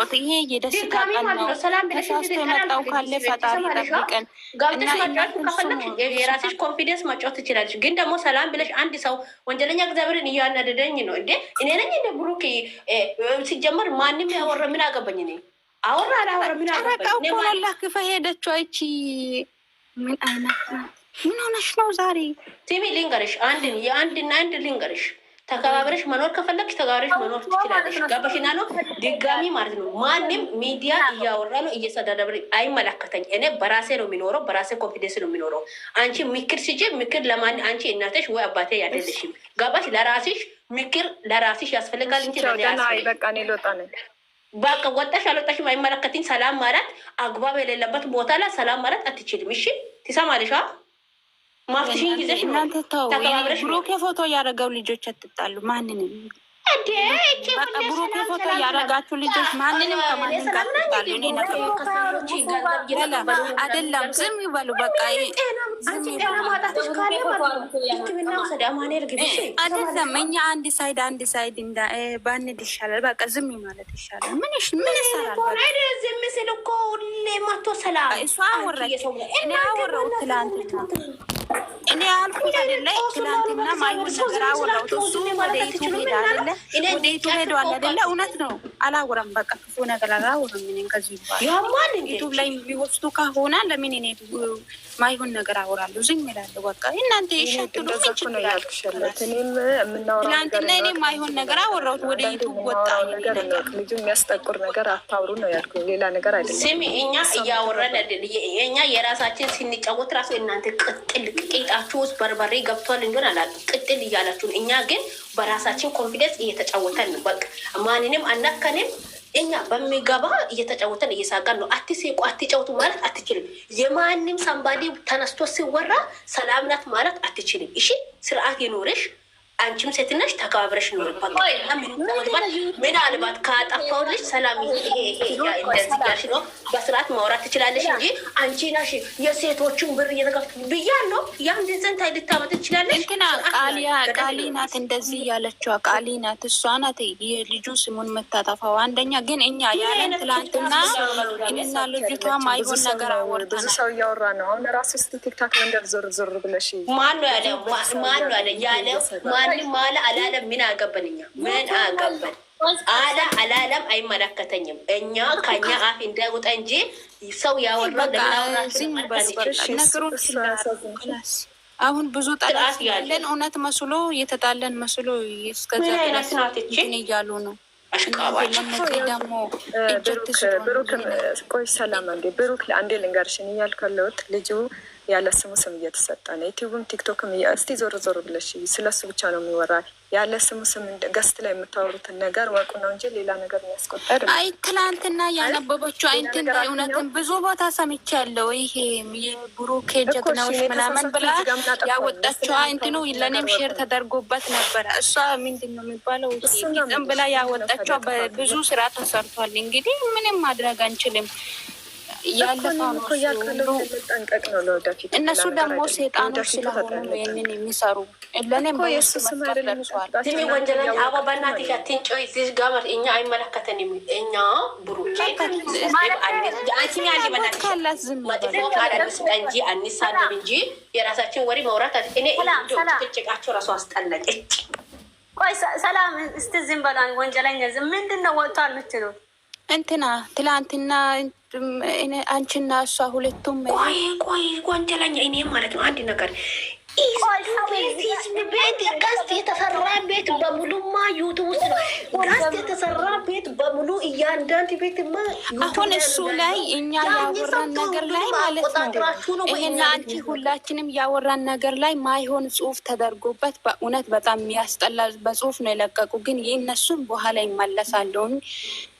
የመጣሁት ይሄ የደስታ ቀን ነው። ተሳስቶ የመጣው ካለ ፈጣሪ ጠብቀን። ገብተሽ መጫወት ከፈለግሽ የራስሽ ኮንፊደንስ መጫወት ትችላለሽ። ግን ደግሞ ሰላም ብለሽ አንድ ሰው ወንጀለኛ እግዚአብሔርን እያናደደኝ ነው እንዴ እኔ ነኝ እንደ ብሩክ ሲጀመር ማንም ያወረ ምን አገባኝ እኔ አወራ አላወራ ምን አገባኝ። ላክፈ ሄደችው አይቺ ምን አይነት ምን ሆነሽ ነው ዛሬ? ቲቪ ልንገርሽ አንድ የአንድና አንድ ልንገርሽ ተከባብረሽ መኖር ከፈለግሽ ተከባብረሽ መኖር ትችላለሽ። ጋበሽና ነው ድጋሚ ማለት ነው። ማንም ሚዲያ እያወራ ነው እየሰዳደብ አይመለከተኝ። እኔ በራሴ ነው የሚኖረው፣ በራሴ ኮንፊደንስ ነው የሚኖረው። አንቺ ምክር ስጭ ምክር ለማን አንቺ እናተሽ ወይ አባቴ ያደለሽም። ጋባሽ ለራስሽ ምክር ለራስሽ ያስፈልጋል እንጂ በቃ ወጣሽ አልወጣሽም አይመለከትኝ። ሰላም ማለት አግባብ የሌለበት ቦታ ላይ ሰላም ማለት አትችልም። እሺ ትሰማለሽ? ማርትሽን ጊዜሽ እናንተ ተው። ብሩኬ ፎቶ ያደረገው ልጆች አትጣሉ። ማንንም በቃ ብሩኬ ፎቶ ያደረጋችሁ ልጆች ማንንም ከማንም ጋር አትጣሉ። አይደለም ዝም ይበሉ። በቃ አይደለም እኛ አንድ ሳይድ አንድ ሳይድ እንዳ ባንድ ይሻላል። በቃ ዝም ማለት ይሻላል። ምን ምን ይሰራል? ዝም ስል እኮ ሁሌ ማቶ ሰላም እሷ አወራች፣ እኔ አወራሁ ትላንትና እኔ አልኩት አይደለ? ትናንትና ማይሆን ነገር አወራሁት። እሱ ወደ ቤቱ ሄደ አይደለ? ወደ ቤቱ ሄደዋል አይደለ? እውነት ነው። አላወራም፣ በቃ ክፉ ነገር አላወራም። እኔን ከዚህ ይባል ዩቱብ ላይ የሚወስዱ ከሆነ ለምን እኔ ማይሆን ነገር አወራለሁ? ዝም እላለሁ። በቃ እናንተ ይሻትሉ ትናንትና እኔ ማይሆን ነገር አወራሁት። ወደ ዩቱብ ወጣ ልጁ የሚያስጠቁር ነገር አታውሩ ነው ያልኩኝ፣ ሌላ ነገር አይደለም። ስሚ እኛ እያወራን እኛ የራሳችን ስንጫወት ራሱ እናንተ ቅጥል ቅቄጣ ውስጣችሁ ውስጥ በርበሬ ገብቷል እንዲሆን አላውቅም። ቅጥል እያላችሁን እኛ ግን በራሳችን ኮንፊደንስ እየተጫወተን ነው። በቃ ማንንም አናከንም። እኛ በሚገባ እየተጫወተን እየሳቀን ነው። አትሴቁ፣ አትጫወቱ ማለት አትችልም። የማንም ሳምባዴ ተነስቶ ሲወራ ሰላምናት ማለት አትችልም። እሺ ስርዓት ይኖርሽ። አንቺም ሴትነሽ ተከባብረሽ ኖርባት። ምናልባት ካጠፋው ልጅ ሰላም በስርዓት ማውራት ትችላለሽ እንጂ አንቺ ነሽ የሴቶችን ብር እየተገፍ ብያለሁ። ያም ድንዘንታ ልታመጥ ትችላለሽ። ቃሊ ናት እንደዚህ እያለችው ቃሊ ናት፣ እሷ ናት የልጁ ስሙን መታጠፋው። አንደኛ ግን እኛ ያለን ትላንትና እኔና ልጅቷ ማይሆን ነገር አወርተናል። ብዙ ሰው እያወራ ነው አሁን ራሱ ስ ቲክታክ መንደር ዞር ዞር ብለሽ ማን ያለ? ማን ያለ? ያለ ማንም አለ አላለም። ምን አገባን ምን አገባን? አለ አላለም አይመለከተኝም። እኛ ከኛ አፍ እንዳይወጣ እንጂ ሰው ያወራው አሁን ብዙ ጠላት ያለን እውነት መስሎ የተጣለን መስሎ እስከዛ እያሉ ነው። ብሩክ ቆይ ሰላም እንዴ ብሩክ ለአንዴ ልንገርሽን እያልከለውት ልጁ ያለ ስሙ ስም እየተሰጠ ነው። ዩቲዩብም ቲክቶክም እስቲ ዞር ዞር ብለሽ ስለሱ ብቻ ነው የሚወራ። ያለ ስሙ ስም ገስት ላይ የምታወሩትን ነገር ወቁ ነው እንጂ ሌላ ነገር የሚያስቆጠር አይ ትላንትና ያነበበችው አይንት እውነትም ብዙ ቦታ ሰምቻ ያለው ይሄ የብሩኬ ጀግናዎች ምናምን ብላ ያወጣችው አይንት ነው። ለእኔም ሼር ተደርጎበት ነበረ። እሷ ምንድን ነው የሚባለው ም ብላ ያወጣችው ብዙ ስራ ተሰርቷል። እንግዲህ ምንም ማድረግ አንችልም። እነሱ ደግሞ ሴጣኖች ስለሆኑ ይህንን የሚሰሩ ለእኔም ወንጀለኛ በእናትሽ እኛ አይመለከተንም። እኛ እንጂ አንሳደብ እንጂ የራሳችን ወሬ መውራት እኔ ጭቃቸው ራሱ አስጠለቀች። ቆይ ሰላም፣ እስቲ ዝም ወንጀለኛ ምንድን ነው ወጥቷል እንትና ትላንትና አንቺና እሷ ሁለቱም ቆይ ቆይ ወንጀለኛ እኔ ማለት ነው። አንድ ነገር ቤት ጋስት የተሰራ ቤት በሙሉማ ዩቱብ ውስጥ ነው። ጋስት የተሰራ ቤት በሙሉ እያንዳንድ ቤት አሁን እሱ ላይ እኛ ያወራን ነገር ላይ ማለት ነው ይሄን አንቺ ሁላችንም ያወራን ነገር ላይ ማይሆን ጽሁፍ ተደርጎበት በእውነት በጣም የሚያስጠላ በጽሁፍ ነው የለቀቁ ግን ይህ እነሱን በኋላ ይመለሳለውን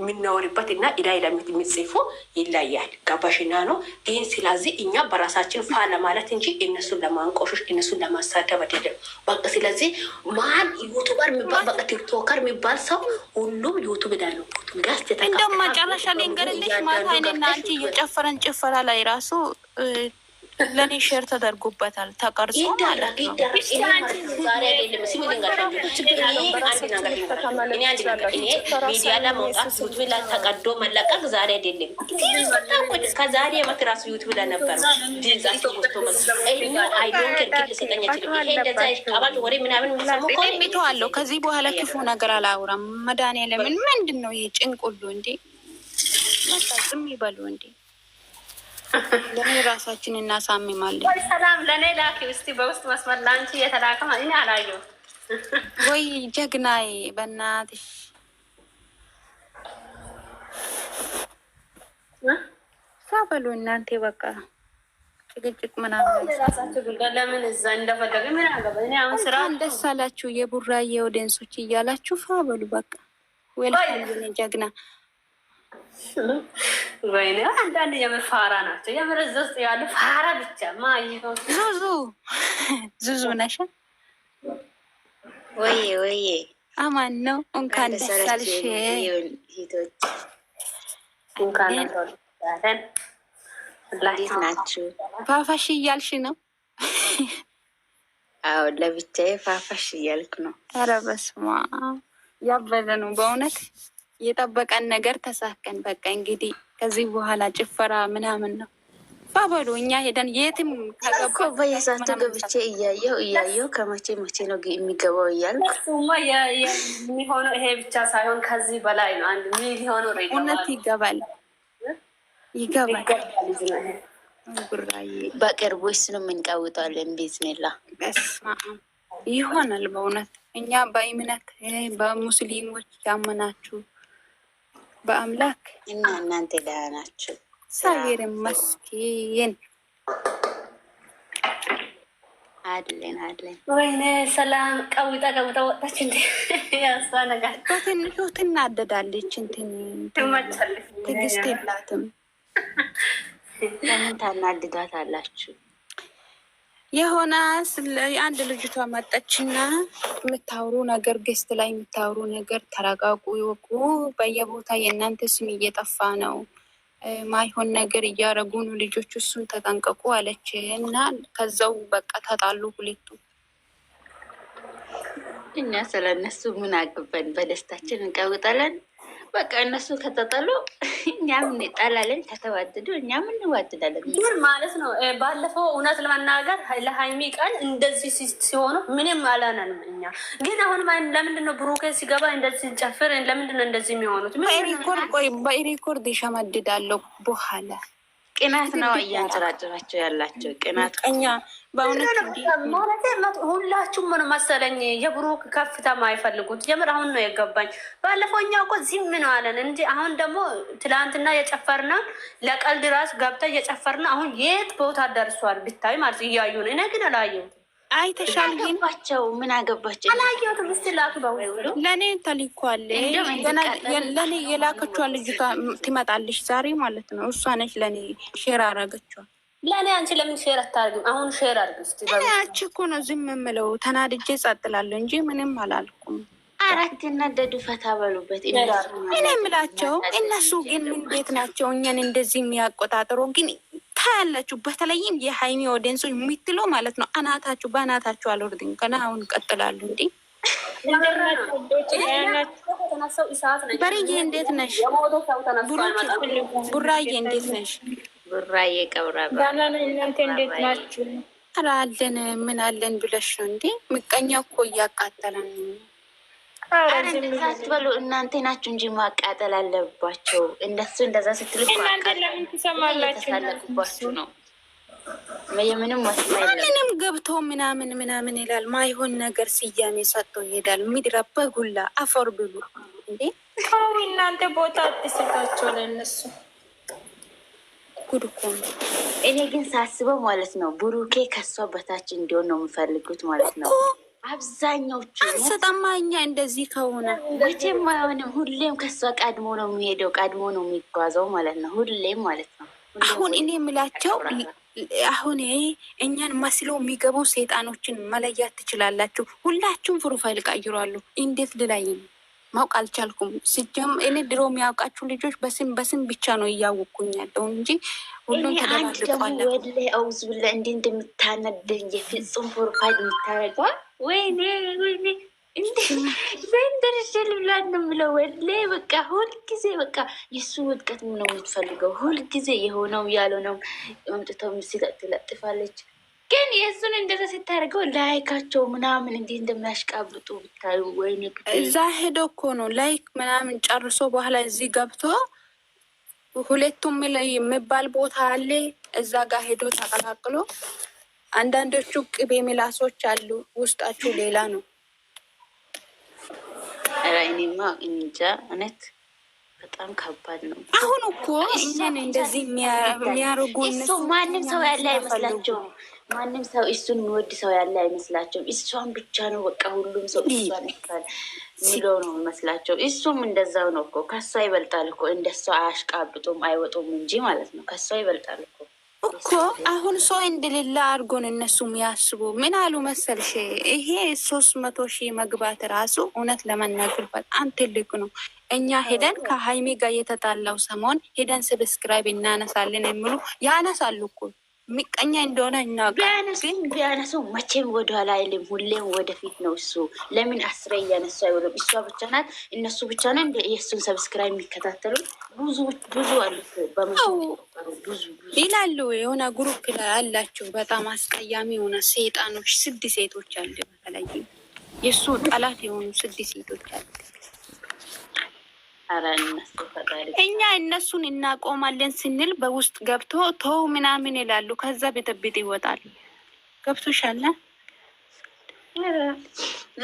የሚናወርበት እና ኢላይ ለሚት የሚጽፉ ይለያል። ጋባሽና ነው ይህን። ስለዚህ እኛ በራሳችን ፋ ለማለት እንጂ እነሱን ለማንቆሾሽ እነሱን ለማሳደብ አይደለም። በቃ ስለዚህ ማን ዩቱበር የሚባል በቃ ቲክቶከር የሚባል ሰው ሁሉም ዩቱብ ዳለ ነው እንደውም መጨረሻ ሊንገርልሽ ማታ እኔና አንቺ እየጨፈረን ጭፈራ ላይ ራሱ ለእኔ ሼር ተደርጎበታል ተቀርጾ ማለት ሚዲያ ለመውጣት ዩቱብ ላይ ተቀዶ መለቀቅ ዛሬ አይደለም፣ ከዛሬ ዓመት ራሱ ዩቱብ ላይ ነበር። ሚተዋለው ከዚህ በኋላ ክፉ ነገር አላውራም። መድኃኒዓለምን ምንድን ነው ይሄ ጭንቁሉ እንዴ? ዝም ይበሉ እንዴ? ለምን ራሳችን እናሳምማለን? ሰላም ለእኔ ላኪ እስቲ በውስጥ መስመር ለአንቺ የተላከ እኔ አላየሁም። ወይ ጀግናዬ፣ በእናትሽ ሳበሉ እናንተ በቃ ጭቅጭቅ ምናምን ስራ ደስ አላችሁ የቡራዬ ወደንሶች እያላችሁ ፋበሉ በቃ ወልጅ ጀግና ወይኔ አንዳንድ የምር ፋራ ናቸው። የምር እዛ ውስጥ ያሉ ፋራ ብቻ ማዙዙ ዙዙ ነሽ ወይ ወይ አማን ነው። እንኳን ደስ አለሽ ናችሁ። ፋፋሽ እያልሽ ነው? አዎ ለብቻዬ ፋፋሽ እያልክ ነው። ኧረ በስመ አብ ያበደ ነው በእውነት የጠበቀን ነገር ተሳከን። በቃ እንግዲህ ከዚህ በኋላ ጭፈራ ምናምን ነው ባበሉ እኛ ሄደን የትም እኮ በየሰዓቱ ገብቼ እያየው እያየው ከመቼ መቼ ነው የሚገባው እያል የሚሆነው። ይሄ ብቻ ሳይሆን ከዚህ በላይ ነው። አንድ ሚሊዮኑ እውነት ይገባል ይገባል። በቅርቡ ስኑ የምንቀውጠዋለን። ቢዝኔላ ይሆናል በእውነት እኛ በእምነት በሙስሊሞች ያመናችሁ በአምላክ እና እናንተ ደህና ናችሁ? እግዚአብሔር ይመስገን አለን አለን። ወይኔ ሰላም ቀውጣ ቀውጣ ወጣች። እንደ ያሷ ነገር በትንሹ ትናደዳለች። እንትን ትግስት የላትም። ለምን ታናድዷት አላችሁ? የሆነ አንድ ልጅቷ መጣችና የምታውሩ ነገር ገስት ላይ የምታወሩ ነገር ተረጋጉ፣ ይወቁ። በየቦታ የእናንተ ስም እየጠፋ ነው፣ ማይሆን ነገር እያረጉ ነው ልጆቹ፣ እሱን ተጠንቀቁ አለች እና ከዛው በቃ ተጣሉ ሁለቱ። እኛ ስለነሱ ምን አግበን በደስታችን እንቀውጠለን። በቃ እነሱ ከተጠሉ እኛም እንጣላለን፣ ከተዋደዱ እኛም እንዋደዳለን። ግን ማለት ነው ባለፈው እውነት ለመናገር ለሀይሚ ቀን እንደዚህ ሲሆኑ ምንም አላነንም እኛ። ግን አሁን ለምንድነው ብሩኬ ሲገባ እንደዚህ ሲጨፍር፣ ለምንድነው እንደዚህ የሚሆኑት? በሪኮርድ ይሸመድዳለሁ በኋላ ቅናት ነው እያንጨራጭራቸው ያላቸው ቅናት። ቀኛ በእውነት ማለት ሁላችሁም ምን መሰለኝ የብሩክ ከፍታ ማይፈልጉት የምር አሁን ነው የገባኝ። ባለፈው እኛ እኮ ዝም ነው አለን እንጂ አሁን ደግሞ ትላንትና የጨፈርና ለቀልድ ራስ ገብተ እየጨፈርና አሁን የት ቦታ ደርሷል ብታይ ማለት እያዩን። እኔ ግን አላየሁት አይተሻል። ግን ባቸው ምን አገባቸው? አላየሁትም። እስኪ ላክበው። ለእኔ ተልኳል። ለእኔ የላከችዋ ልጅቷ ትመጣለች ዛሬ ማለት ነው። እሷ ነች ለእኔ ሼር አረገችዋል። ለእኔ አንቺ ለምን ሼር አታርግም? አሁን ሼር አርግ እስኪ። እኔ አንቺ እኮ ነው ዝም የምለው ተናድጄ ጸጥ እንጂ ምንም አላልኩም። አራት እናደዱ ፈታ በሉበት። እኔ የምላቸው እነሱ ግን ምን ቤት ናቸው እኛን እንደዚህ የሚያቆጣጥሩ ግን ታያላችሁ። በተለይም የሀይሚ ኦዲንሶች የሚትለው ማለት ነው። አናታችሁ በአናታችሁ አልወርድም ገና አሁን ቀጥላሉ። እንዲ በርዬ እንዴት ነሽ? ቡራዬ እንዴት ነሽ? ቡራዬ ቀብራ እናንተ እንዴት ናችሁ? አለን ምን አለን ብለሽ ነው እንዴ? ምቀኛ እኮ እያቃጠለን እንደዛ ስትበሉ እናንተ ናችሁ እንጂ ማቃጠል አለባቸው። እንደሱ እንደዛ ስትሉ ተሳለፉባችሁ ነው። ምንም ምንም ገብቶ ምናምን ምናምን ይላል። ማይሆን ነገር ስያሜ ሰጥቶ ይሄዳል። ምድረ በጉላ አፈር ብሉ እንዴ! እናንተ ቦታ አትስጣቸው ለእነሱ ጉድ እኮ ነው። እኔ ግን ሳስበው ማለት ነው ብሩኬ ከሷ በታች እንዲሆን ነው የምፈልጉት ማለት ነው። አብዛኛዎቹ አንሰጣማ። እኛ እንደዚህ ከሆነ መቼም አይሆንም። ሁሌም ከሷ ቀድሞ ነው የሚሄደው፣ ቀድሞ ነው የሚጓዘው ማለት ነው። ሁሌም ማለት ነው። አሁን እኔ የምላቸው አሁን እኛን መስሎ የሚገቡ ሴጣኖችን መለያት ትችላላችሁ። ሁላችሁም ፕሮፋይል ቀይሯሉ። እንዴት ልላይም ማውቅ አልቻልኩም። ስጀም እኔ ድሮ የሚያውቃችሁ ልጆች በስም በስም ብቻ ነው እያወቅኩኝ ያለው እንጂ ሁሉም ተደባልቋለ። ወደ አውዝ ብላ እንዴ እንደምታነድ የፍጹም ፕሮፋይል የምታረገዋል ወይኔ ወይኔ ዘን ደረጀ ልብላት ነው የምለው። ወላሂ በቃ ሁልጊዜ በቃ የሱ ውድቀት ነው የምትፈልገው። ሁልጊዜ የሆነው ያልሆነው አምጥተው ምስል ትለጥፋለች። ግን የእሱን እንደዛ ስታደርገው ላይካቸው ምናምን እንዴት እንደሚያሽቃብጡ ብታዩ። ወይኔ እዛ ሄዶ እኮ ነው ላይክ ምናምን ጨርሶ በኋላ እዚህ ገብቶ ሁለቱም የሚባል ቦታ አለ። እዛ ጋር ሄዶ ተቀላቅሎ አንዳንዶቹ ቅቤ ምላሶች አሉ፣ ውስጣችሁ ሌላ ነው። ኧረ እኔማ እንጃ እውነት በጣም ከባድ ነው። አሁን እኮ እኛን እንደዚህ የሚያደርጉ ማንም ሰው ያለ አይመስላቸውም። ማንም ሰው እሱን የሚወድ ሰው ያለ አይመስላቸውም። እሷን ብቻ ነው በቃ ሁሉም ሰው እሷን የሚለው ነው ይመስላቸው። እሱም እንደዛው ነው እኮ ከሷ ይበልጣል እኮ እንደሷ አያሽቃብጡም አይወጡም እንጂ ማለት ነው። ከሷ ይበልጣል እኮ እኮ አሁን ሰው እንደሌላ አድርጎን እነሱም ያስቡ። ምን አሉ መሰልሽ፣ ይሄ ሶስት መቶ ሺህ መግባት ራሱ እውነት ለመናገር በጣም ትልቅ ነው። እኛ ሄደን ከሀይሜ ጋር የተጣላው ሰሞን ሄደን ሰብስክራይብ እናነሳለን የሚሉ ያነሳሉ እኮ ሚቀኛ እንደሆነ እናውቃለን። ቢያነሱ መቼም ወደኋላ አይልም፣ ሁሌም ወደፊት ነው እሱ። ለምን አስሬ እያነሱ አይሆንም? እሷ ብቻ ናት፣ እነሱ ብቻ ነ የእሱን ሰብስክራይብ የሚከታተሉ ብዙ ብዙ አሉ፣ ብዙ ይላሉ። የሆነ ግሩፕ አላቸው በጣም አስቀያሚ የሆነ ሴጣኖች፣ ስድስት ሴቶች አሉ። በተለይ የእሱ ጠላት የሆኑ ስድስት ሴቶች አሉ። እኛ እነሱን እናቆማለን ስንል በውስጥ ገብቶ ቶ ምናምን ይላሉ። ከዛ ቤተቤት ይወጣል። ገብቶሻል?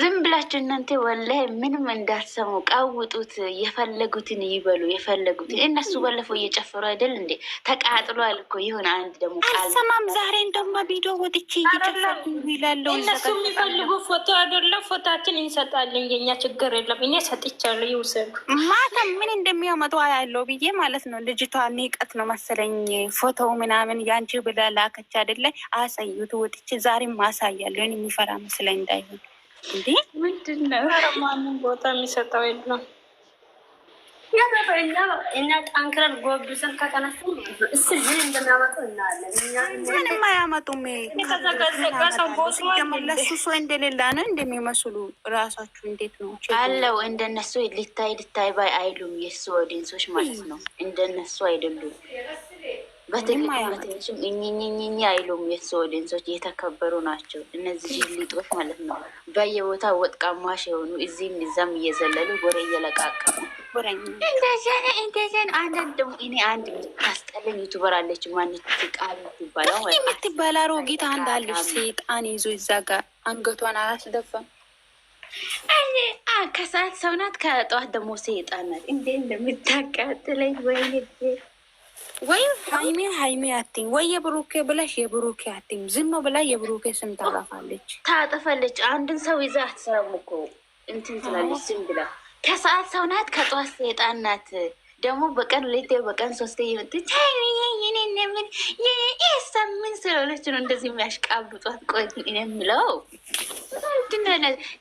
ዝም ብላችሁ እናንተ ወላሂ ምንም እንዳትሰሙ፣ ቀውጡት። የፈለጉትን ይበሉ፣ የፈለጉትን እነሱ ባለፈው እየጨፈሩ አይደል እንዴ? ተቃጥሏል እኮ ይሁን። አንድ ደግሞ አልሰማም። ዛሬ እንደማ ቪዲዮ ወጥቼ እየጨፈሩ ይላለው። እነሱ የሚፈልጉ ፎቶ አደለ? ፎታችን እንሰጣለን። የኛ ችግር የለም። እኔ ሰጥቻለሁ፣ ይውሰዱ። ማታ ምን እንደሚያመጡ ያለው ብዬ ማለት ነው። ልጅቷ ንቀት ነው መሰለኝ ፎቶው ምናምን ያንቺ ብላ ላከች አደለ? አሳዩት። ወጥቼ ዛሬም ማሳያለሁ። የሚፈራ መስለኝ እንዳይሆን እንዴ ምንድን ነው? ማንም ቦታ የሚሰጠው የለም። እኛ ጠንክረን ጎብሰን ከተነሱ እስ ምን እንደሚያመጡ እናያለን። ምንም አያመጡም። ለሱ ሰው እንደሌላ ነው እንደሚመስሉ ራሳችሁ እንዴት ነው አለው። እንደነሱ ሊታይ ሊታይ ባይ አይሉም የእሱ ኦዲንሶች ማለት ነው። እንደነሱ አይደሉም። በትክክልበትሽም አይሉም። አይሉም። የተሰወደንሶች እየተከበሩ ናቸው እነዚህ ሊጦች ማለት ነው። በየቦታ ወጥቃማሽ የሆኑ እዚህም እዛም እየዘለሉ ወሬ እየለቃቀሙ እንደዘነ እንደዘነ አንዳንድ እኔ አንድ ምታስጠለኝ ዩቱበር አለች ማነች ቃል ትባላ የምትባል አሮጊት አንድ አለች። ሴጣን ይዞ እዛ ጋር አንገቷን አላስደፋም። ከሰዓት ሰውናት ከጠዋት ደግሞ ሴጣን እንዴ እንደምታቃጥለኝ ወይ ወይም ሀይሜ ሀይሜ አትይም ወይ የብሩኬ ብለሽ የብሩኬ አትይም። ዝም ብላ የብሩኬ ስም ታጠፋለች ታጠፋለች። አንድን ሰው ይዛ አትሰራም እኮ እንትን ትላለች። ዝም ብላ ከሰዓት ሰው ናት፣ ከጠዋት ሰይጣን ናት። ደግሞ በቀን ሁለቴ በቀን ሶስቴ የመጡች የኔነምን የሳምን ስለሆነች ነው እንደዚህ የሚያሽቃብጧት። ቆይ የምለው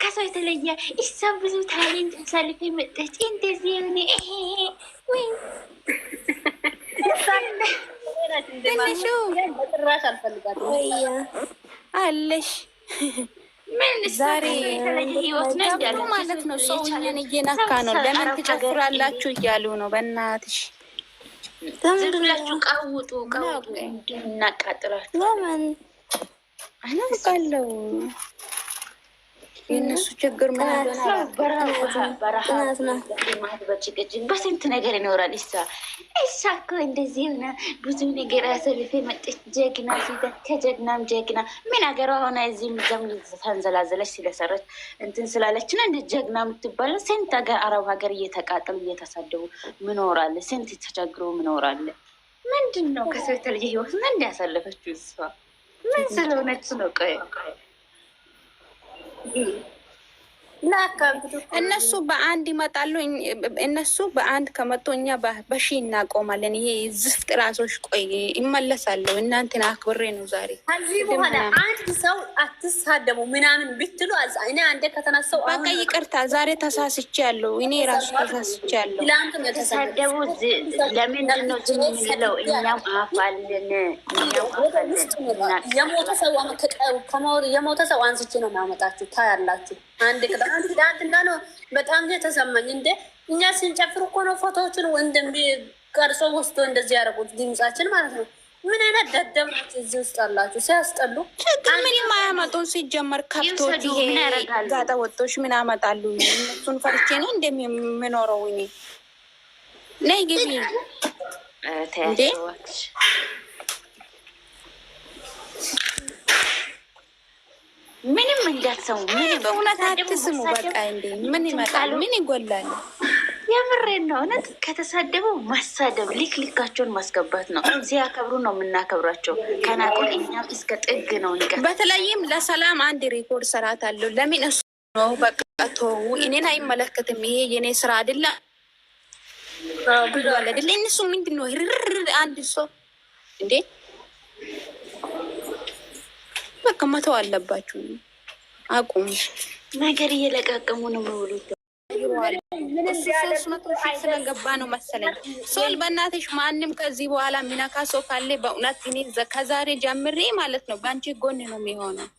ከሰው የተለየ እሷ ብዙ ታሊንት ተሳልፈ የመጣች እንደዚህ ሆነ ወይ ትንሹ አለሽ ዛሬ ማለት ነው ሰውዬን እየነካ ነው። ለምን ትጨፍራላችሁ እያሉ ነው። በእናትሽ ዝም ቀውጡ ቀውጡ፣ እናቃጥላችሁ ለምን አለው የእነሱ ችግር ምናልባት በጭቅጭቅ በስንት ነገር ይኖራል። እሷ እሷ እኮ እንደዚህ ሆነ ብዙ ነገር አሳልፌ መጥቼ ጀግና ሴት ከጀግናም ጀግና ምን ሀገሯ ሆነ እዚህ ምዘም ተንዘላዘለች ስለሰረች እንትን ስላለች ነው እንደ ጀግና የምትባለ። ስንት ሀገር አረብ ሀገር እየተቃጠሉ እየተሳደቡ ምኖራለ። ስንት ተቸግሮ ምኖራለ። ምንድን ነው ከሰው የተለየ ህይወት እንዲያሳለፈችው እሷ ምን ስለሆነች ነው ቆይ 嗯。እነሱ በአንድ ይመጣሉ። እነሱ በአንድ ከመጡ እኛ በሺ እናቆማለን። ይሄ ዝፍጥ ራሶች ቆይ ይመለሳለሁ። እናንተን አክብሬ ነው ዛሬ። ከዚህ በኋላ አንድ ሰው አትሳደቡ ምናምን ብትሉ እኔ አንዴ ከተነሳው በቃ ይቅርታ፣ ዛሬ ተሳስቼ ያለው እኔ ራሱ ተሳስቼ ያለው ተሳደቡ። ለምንድን ነው ዝም የምንለው? እኛም አፋልን የሞተ ሰው አንስቼ ነው ማመጣችሁ ታያላችሁ። አንድ ቅጣትና ነው። በጣም ተሰማኝ። እንደ እኛ ስንጨፍር እኮ ነው ፎቶዎችን ወንድም ቀርጾ ወስዶ እንደዚህ ያደረጉት ድምጻችን ማለት ነው። ምን አይነት ደደብ እዚህ ውስጥ አላችሁ ሲያስጠሉ። ችግር ምንም አያመጡም። ሲጀመር ከብቶች ጋጠ ወጦች ምን አመጣሉ? እነሱን ፈርቼ ነው እንደምኖረው እኔ ነይ ግቢ እንዴ ምንም እንዳትሰሙ፣ ምንም አትስሙ። በቃ እንዴ ምን ይመጣል? ምን ይጎላል? የምሬን ነው። እውነት ከተሳደበው ማሳደብ ሊክ ሊካቸውን ማስገባት ነው። ሲያከብሩ ነው የምናከብራቸው። ከናቁን እኛም እስከ ጥግ ነው ንቀ በተለይም ለሰላም አንድ ሪኮርድ ስርዓት አለው። ለምን እሱ ነው በቃ ተው፣ እኔን አይመለከትም፣ ይሄ የኔ ስራ አይደለ አለ አይደለ? እነሱ ምንድን ነው ርር አንድ ሰው እንዴ በቃ መተው አለባችሁ። አቁም ነገር እየለቃቀሙ ነው መውሉት ስለገባ ነው መሰለኝ። ሶል በእናትሽ ማንም ከዚህ በኋላ የሚነካ ሰው ካለ በእውነት እኔ ከዛሬ ጀምሬ ማለት ነው በአንቺ ጎን ነው የሚሆነው።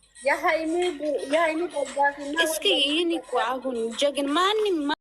እስኪ ይህን እኮ አሁን ጀግን ማንም